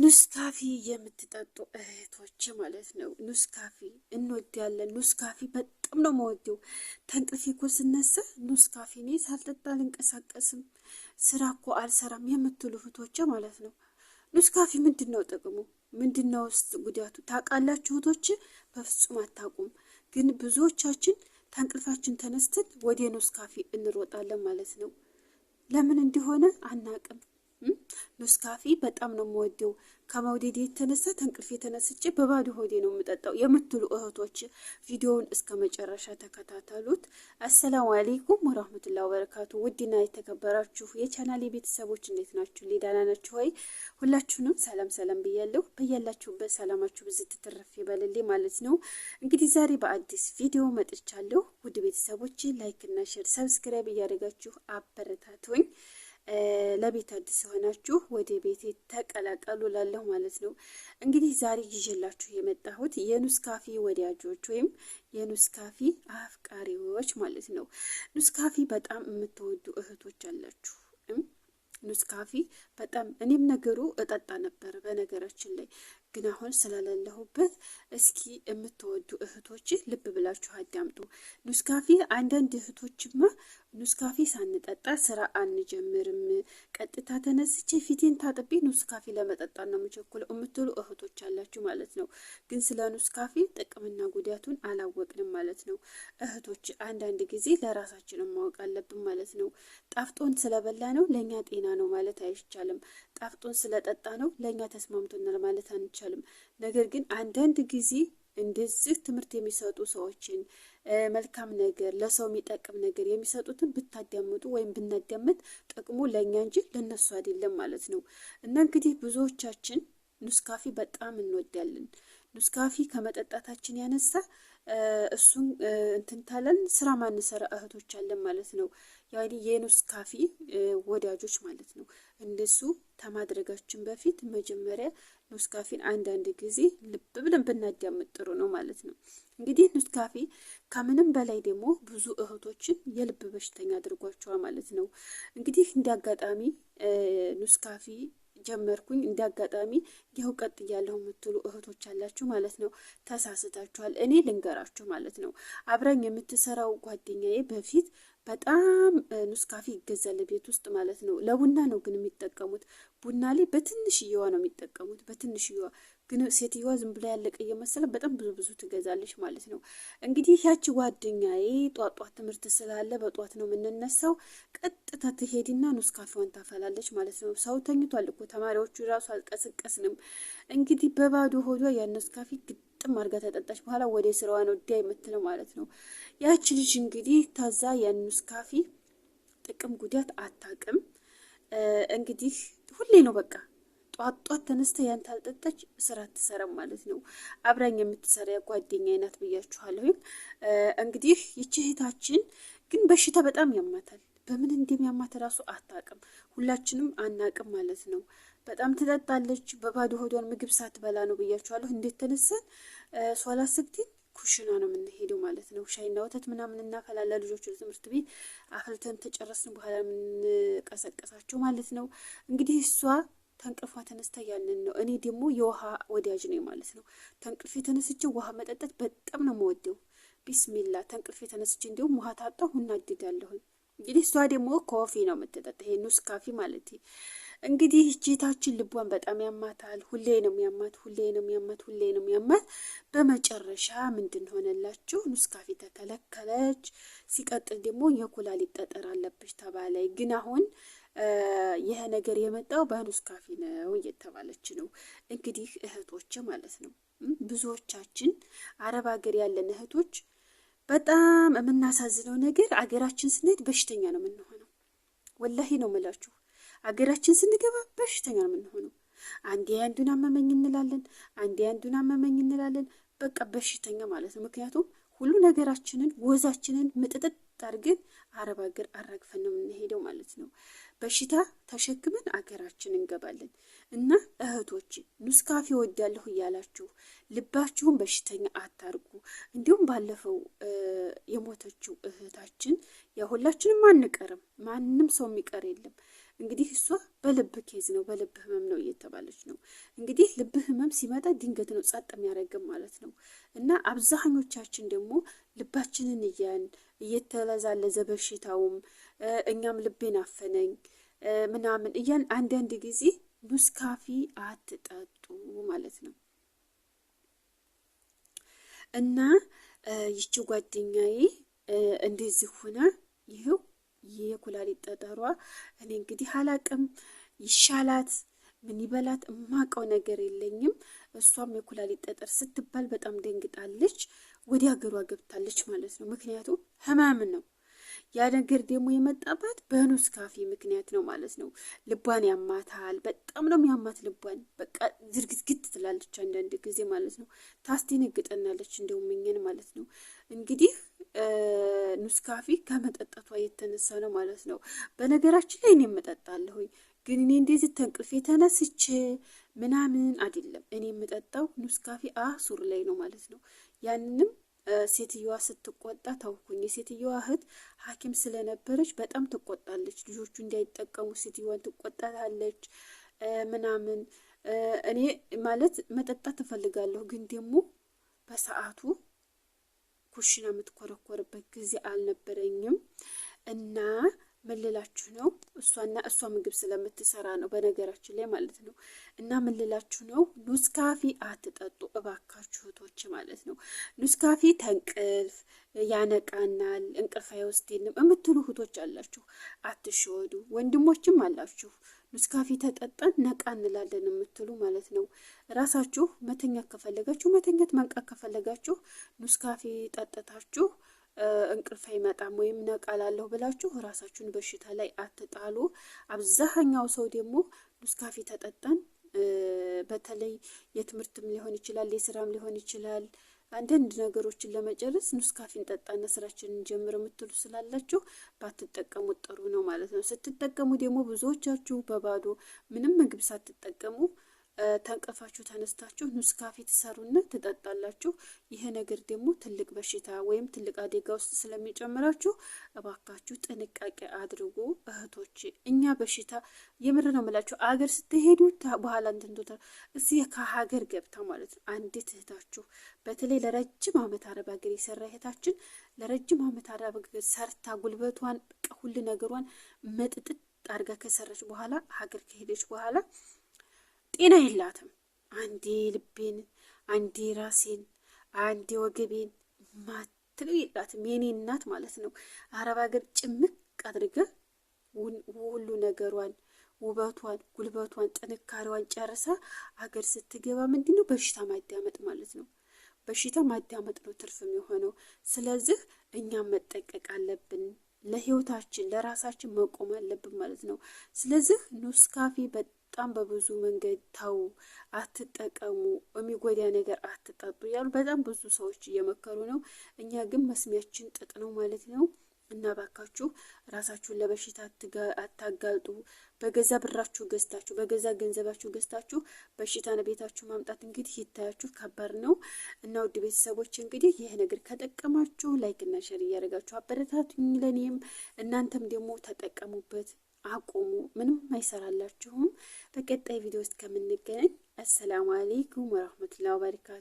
ኑስካፊ የምትጠጡ እህቶች ማለት ነው። ኑስካፊ እንወዳለን። ኑስካፊ በጣም ነው መወደው። ተንቅልፌ እኮ ስነሳ ኑስካፊ እኔ ሳልጠጣ አልንቀሳቀስም፣ ስራ እኮ አልሰራም የምትሉ እህቶች ማለት ነው። ኑስካፊ ምንድን ነው ጥቅሙ? ምንድን ነው ውስጥ ጉዳቱ ታውቃላችሁ እህቶች? በፍጹም አታውቁም። ግን ብዙዎቻችን ተንቅልፋችን ተነስተን ወደ ኑስካፊ እንሮጣለን ማለት ነው። ለምን እንደሆነ አናቀም? ካፊ በጣም ነው የምወደው። ከመውደድ የተነሳ ተንቅልፍ የተነስቼ በባዶ ሆዴ ነው የምጠጣው የምትሉ እህቶች ቪዲዮውን እስከ መጨረሻ ተከታተሉት። አሰላሙ አሌይኩም ወራህመቱላ ወበረካቱ። ውድና የተከበራችሁ የቻናሌ ቤተሰቦች እንዴት ናችሁ? ሊዳና ናችሁ ወይ? ሁላችሁንም ሰላም ሰላም ብያለሁ። በያላችሁበት ሰላማችሁ ብዙ ትትረፍ ይበልልኝ ማለት ነው። እንግዲህ ዛሬ በአዲስ ቪዲዮ መጥቻለሁ። ውድ ቤተሰቦች ላይክና ሼር፣ ሰብስክራይብ እያደረጋችሁ አበረታቱኝ። ለቤት አዲስ የሆናችሁ ወደ ቤቴ ተቀላቀሉ ላለሁ ማለት ነው። እንግዲህ ዛሬ ይዤላችሁ የመጣሁት የኑስካፊ ወዳጆች ወይም የኑስካፊ አፍቃሪዎች ማለት ነው። ኑስካፊ በጣም የምትወዱ እህቶች አላችሁ። ኑስካፊ በጣም እኔም ነገሩ እጠጣ ነበር በነገራችን ላይ ግን አሁን ስላለለሁበት እስኪ የምትወዱ እህቶች ልብ ብላችሁ አዳምጡ። ኑስካፊ አንዳንድ እህቶችማ ኑስካፊ ሳንጠጣ ስራ አንጀምርም፣ ቀጥታ ተነስቼ ፊቴን ታጥቤ ኑስካፊ ለመጠጣ ነው የምቸኩለው የምትሉ እህቶች አላችሁ ማለት ነው። ግን ስለ ኑስካፊ ጥቅምና ጉዳቱን አላወቅንም ማለት ነው። እህቶች አንዳንድ ጊዜ ለራሳችን ማወቅ አለብን ማለት ነው። ጣፍጦን ስለበላ ነው ለእኛ ጤና ነው ማለት አይቻልም። ጣፍጦን ስለጠጣ ነው ለእኛ ተስማምቶናል ማለት አንቻ አይቻልም። ነገር ግን አንዳንድ ጊዜ እንደዚህ ትምህርት የሚሰጡ ሰዎችን መልካም ነገር ለሰው የሚጠቅም ነገር የሚሰጡትን ብታዳምጡ ወይም ብናዳምጥ ጥቅሙ ለእኛ እንጂ ለነሱ አይደለም ማለት ነው። እና እንግዲህ ብዙዎቻችን ኑስካፊ በጣም እንወዳለን። ኑስካፊ ከመጠጣታችን ያነሳ እሱን እንትንታለን ስራ ማንሰራ እህቶች አለን ማለት ነው። ያኒ የኑስ ካፊ ወዳጆች ማለት ነው። እንደሱ ከማድረጋችን በፊት መጀመሪያ ኑስ ካፊን አንዳንድ ጊዜ ልብ ብለን ብናዳምጥ ጥሩ ነው ማለት ነው። እንግዲህ ኑስ ካፊ ከምንም በላይ ደግሞ ብዙ እህቶችን የልብ በሽተኛ አድርጓቸዋል ማለት ነው። እንግዲህ እንዲያጋጣሚ ኑስ ካፊ ጀመርኩኝ እንዳጋጣሚ ይኸው ቀጥ እያለሁ የምትሉ እህቶች አላችሁ ማለት ነው። ተሳስታችኋል። እኔ ልንገራችሁ ማለት ነው። አብረኝ የምትሰራው ጓደኛዬ በፊት በጣም ኑስካፊ ይገዛል ቤት ውስጥ ማለት ነው። ለቡና ነው ግን የሚጠቀሙት። ቡና ላይ በትንሽየዋ ነው የሚጠቀሙት። በትንሽየዋ ግን ሴትየዋ ዝም ብላ ያለቀ እየመሰለ በጣም ብዙ ብዙ ትገዛለች ማለት ነው። እንግዲህ ያቺ ጓደኛዬ ጧጧ ትምህርት ስላለ በጧት ነው የምንነሳው። ቀጥታ ትሄድና ኑስካፊዋን ታፈላለች ማለት ነው። ሰው ተኝቷል እኮ ተማሪዎቹ ራሱ አልቀስቀስንም። እንግዲህ በባዶ ሆዷ ያን ኑስካፊ ግጥም አድርጋ ተጠጣች በኋላ ወደ ስራዋ ነው ዲያ የምትለው ማለት ነው። ያቺ ልጅ እንግዲህ ታዛ ያኑስ ካፊ ጥቅም ጉዳት አታቅም። እንግዲህ ሁሌ ነው በቃ ጧት ጧት ተነስተ ያን ታልጠጣች ስራ አትሰራም ማለት ነው። አብራኝ የምትሰራ ጓደኛ አይነት ብያችኋለሁ። እንግዲህ ይቺ እህታችን ግን በሽታ በጣም ያማታል። በምን እንደሚያማት ራሱ አታቅም። ሁላችንም አናቅም ማለት ነው። በጣም ትጠጣለች። በባዶ ሆዷን ምግብ ሳትበላ ነው ብያችኋለሁ። እንዴት ተነሳን ሷላ ስግቲን ኩሽና ነው የምንሄደው ማለት ነው። ሻይና ወተት ምናምን እናፈላለ ልጆች ትምህርት ቤት አፍልተን ተጨረስን በኋላ የምንቀሰቀሳቸው ማለት ነው። እንግዲህ እሷ ተንቅልፏ ተነስታ ያንን ነው። እኔ ደግሞ የውሃ ወዳጅ ነኝ ማለት ነው። ተንቅልፌ ተነስቼ ውሃ መጠጠት በጣም ነው መወደው። ቢስሚላ ተንቅልፌ ተነስቼ እንዲሁም ውሃ ታጣሁ እናድዳለሁኝ። እንግዲህ እሷ ደግሞ ኮፊ ነው የምትጠጣ ይሄ ኑስ ካፊ ማለት እንግዲህ እጅታችን ልቧን በጣም ያማታል። ሁሌ ነው የሚያማት፣ ሁሌ ነው የሚያማት፣ ሁሌ ነው የሚያማት። በመጨረሻ ምንድን ሆነላችሁ? ኑስካፌ ተከለከለች። ሲቀጥል ደግሞ የኩላሊት ጠጠር አለብሽ ተባለ። ግን አሁን ይህ ነገር የመጣው በኑስካፌ ነው እየተባለች ነው እንግዲህ እህቶች ማለት ነው። ብዙዎቻችን አረብ ሀገር ያለን እህቶች በጣም የምናሳዝነው ነገር አገራችን ስንሄድ በሽተኛ ነው የምንሆነው። ወላሂ ነው የምላችሁ። አገራችን ስንገባ በሽተኛ ነው የምንሆነው። አንዴ አንዱን አመመኝ እንላለን፣ አንዴ አንዱን አመመኝ እንላለን። በቃ በሽተኛ ማለት ነው። ምክንያቱም ሁሉ ነገራችንን ወዛችንን ምጥጥጥ አድርገን አረብ ሀገር አራግፈን ነው የምንሄደው ማለት ነው። በሽታ ተሸክመን አገራችን እንገባለን እና እህቶች ኑስካፌ ወዳለሁ እያላችሁ ልባችሁን በሽተኛ አታርጉ። እንዲሁም ባለፈው የሞተችው እህታችን ያው ሁላችንም አንቀርም፣ ማንም ሰው የሚቀር የለም። እንግዲህ እሷ በልብ ኬዝ ነው በልብ ህመም ነው እየተባለች ነው። እንግዲህ ልብ ህመም ሲመጣ ድንገት ነው ጸጥ የሚያደርግም ማለት ነው። እና አብዛኞቻችን ደግሞ ልባችንን እያን እየተለዛለዘ በሽታውም እኛም ልቤን አፈነኝ ምናምን እያን አንዳንድ ጊዜ ኑስካፊ አትጠጡ ማለት ነው እና ይቺ ጓደኛዬ እንደዚህ ሆና ይኸው የኩላሊት ጠጠሯ እኔ እንግዲህ አላቅም ይሻላት ምን ይበላት እማቀው ነገር የለኝም። እሷም የኩላሊት ጠጠር ስትባል በጣም ደንግጣለች፣ ወደ ሀገሯ ገብታለች ማለት ነው። ምክንያቱም ህመም ነው። ያ ነገር ደግሞ የመጣባት በኑስ ካፊ ምክንያት ነው ማለት ነው። ልቧን ያማታል፣ በጣም ነው የሚያማት ልቧን። በቃ ዝርግዝግት ትላለች አንዳንድ ጊዜ ማለት ነው። ታስቴ ነግጠናለች እንደውም እኛን ማለት ነው እንግዲህ ኑስካፊ ከመጠጣቷ የተነሳ ነው ማለት ነው። በነገራችን ላይ እኔ የምጠጣለሁኝ ግን እኔ እንደዚህ ተንቅልፌ ተነስቼ ምናምን አይደለም። እኔ የምጠጣው ኑስካፊ አሱር ላይ ነው ማለት ነው። ያንንም ሴትዮዋ ስትቆጣ ታውኩኝ። የሴትዮዋ እህት ሐኪም ስለነበረች በጣም ትቆጣለች። ልጆቹ እንዳይጠቀሙ ሴትዮዋን ትቆጣታለች ምናምን። እኔ ማለት መጠጣት እፈልጋለሁ ግን ደግሞ በሰዓቱ ኩሽና የምትኮረኮርበት ጊዜ አልነበረኝም እና ምልላችሁ ነው እሷና እሷ ምግብ ስለምትሰራ ነው በነገራችን ላይ ማለት ነው። እና ምልላችሁ ነው ኑስካፊ አትጠጡ እባካችሁ እህቶች ማለት ነው። ኑስካፊ ተንቅልፍ ያነቃናል፣ እንቅልፍ አይወስድንም የምትሉ እህቶች አላችሁ፣ አትሸወዱ። ወንድሞችም አላችሁ ነስካፌ ተጠጠን ነቃ እንላለን የምትሉ ማለት ነው። ራሳችሁ መተኛት ከፈለጋችሁ መተኛት፣ መንቃት ከፈለጋችሁ ነስካፌ ጠጥታችሁ እንቅልፍ አይመጣም ወይም ላለሁ ብላችሁ ራሳችሁን በሽታ ላይ አትጣሉ። አብዛኛው ሰው ደግሞ ኑስካፊ ተጠጠን በተለይ የትምህርትም ሊሆን ይችላል፣ የስራም ሊሆን ይችላል አንዳንድ ነገሮችን ለመጨረስ ኑስካፊን እንጠጣና ስራችንን እንጀምር የምትሉ ስላላችሁ ባትጠቀሙት ጥሩ ነው ማለት ነው። ስትጠቀሙ ደግሞ ብዙዎቻችሁ በባዶ ምንም ምግብ ሳትጠቀሙ ተንቀፋችሁ ተነስታችሁ ኑስካፌ ትሰሩና ትጠጣላችሁ። ይህ ነገር ደግሞ ትልቅ በሽታ ወይም ትልቅ አደጋ ውስጥ ስለሚጨምራችሁ እባካችሁ ጥንቃቄ አድርጉ እህቶች። እኛ በሽታ የምር ነው የምላችሁ። አገር ስትሄዱ በኋላ እንትንቶታ እዚህ ከሀገር ገብታ ማለት ነው አንዲት እህታችሁ በተለይ ለረጅም ዓመት አረብ ሀገር የሰራ እህታችን ለረጅም ዓመት አረብ ሀገር ሰርታ ጉልበቷን ሁሉ ነገሯን መጥጥጥ አድርጋ ከሰራች በኋላ ሀገር ከሄደች በኋላ ጤና የላትም። አንዴ ልቤን፣ አንዴ ራሴን፣ አንዴ ወገቤን ማትለው የላትም። የኔ እናት ማለት ነው። አረብ ሀገር ጭምቅ አድርገ ሁሉ ነገሯን ውበቷን፣ ጉልበቷን፣ ጥንካሬዋን ጨርሳ አገር ስትገባ ምንድን ነው በሽታ ማዳመጥ ማለት ነው። በሽታ ማዳመጥ ነው ትርፍ የሆነው። ስለዚህ እኛም መጠቀቅ አለብን። ለህይወታችን ለራሳችን መቆም አለብን ማለት ነው። ስለዚህ ኑስካፊ በጣም በብዙ መንገድ ተው፣ አትጠቀሙ፣ የሚጎዳ ነገር አትጠጡ እያሉ በጣም ብዙ ሰዎች እየመከሩ ነው። እኛ ግን መስሚያችን ጥጥ ነው ማለት ነው። እና ባካችሁ ራሳችሁን ለበሽታ አታጋልጡ። በገዛ ብራችሁ ገዝታችሁ በገዛ ገንዘባችሁ ገዝታችሁ በሽታን ቤታችሁ ማምጣት እንግዲህ ይታያችሁ ከባድ ነው እና ውድ ቤተሰቦች እንግዲህ ይህ ነገር ከጠቀማችሁ እና ሸር እያደረጋችሁ አበረታቱኝ። ለእኔም እናንተም ደግሞ ተጠቀሙበት። አቁሙ፣ ምንም አይሰራላችሁም። በቀጣይ ቪዲዮ ውስጥ ከምንገናኝ አሰላሙ አሌይኩም ወረህመቱላሂ ወበረካቱ።